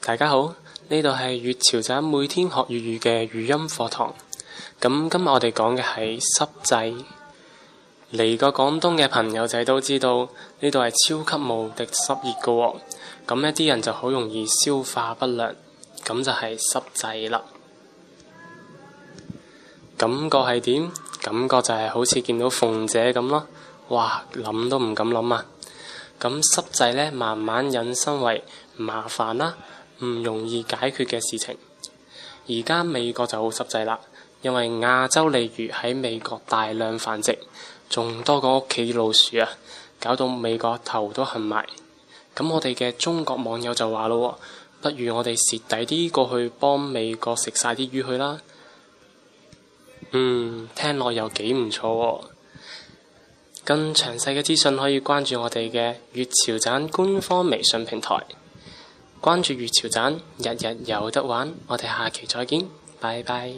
大家好，呢度係粵潮仔每天學粵語嘅語音課堂。咁今日我哋講嘅係濕滯。嚟過廣東嘅朋友仔都知道，呢度係超級無敵濕熱嘅，咁一啲人就好容易消化不良，咁就係濕滯啦。感覺係點？感覺就係好似見到鳳姐咁咯，哇諗都唔敢諗啊！咁濕滯呢，慢慢引申為麻煩啦。唔容易解決嘅事情，而家美國就好濕滯啦，因為亞洲鯉魚喺美國大量繁殖，仲多過屋企老鼠啊，搞到美國頭都痕埋。咁我哋嘅中國網友就話咯，不如我哋蝕底啲過去幫美國食晒啲魚去啦。嗯，聽落又幾唔錯喎。更詳細嘅資訊可以關注我哋嘅《粵潮盞》官方微信平台。關注月潮盞，日日有得玩，我哋下期再見，拜拜。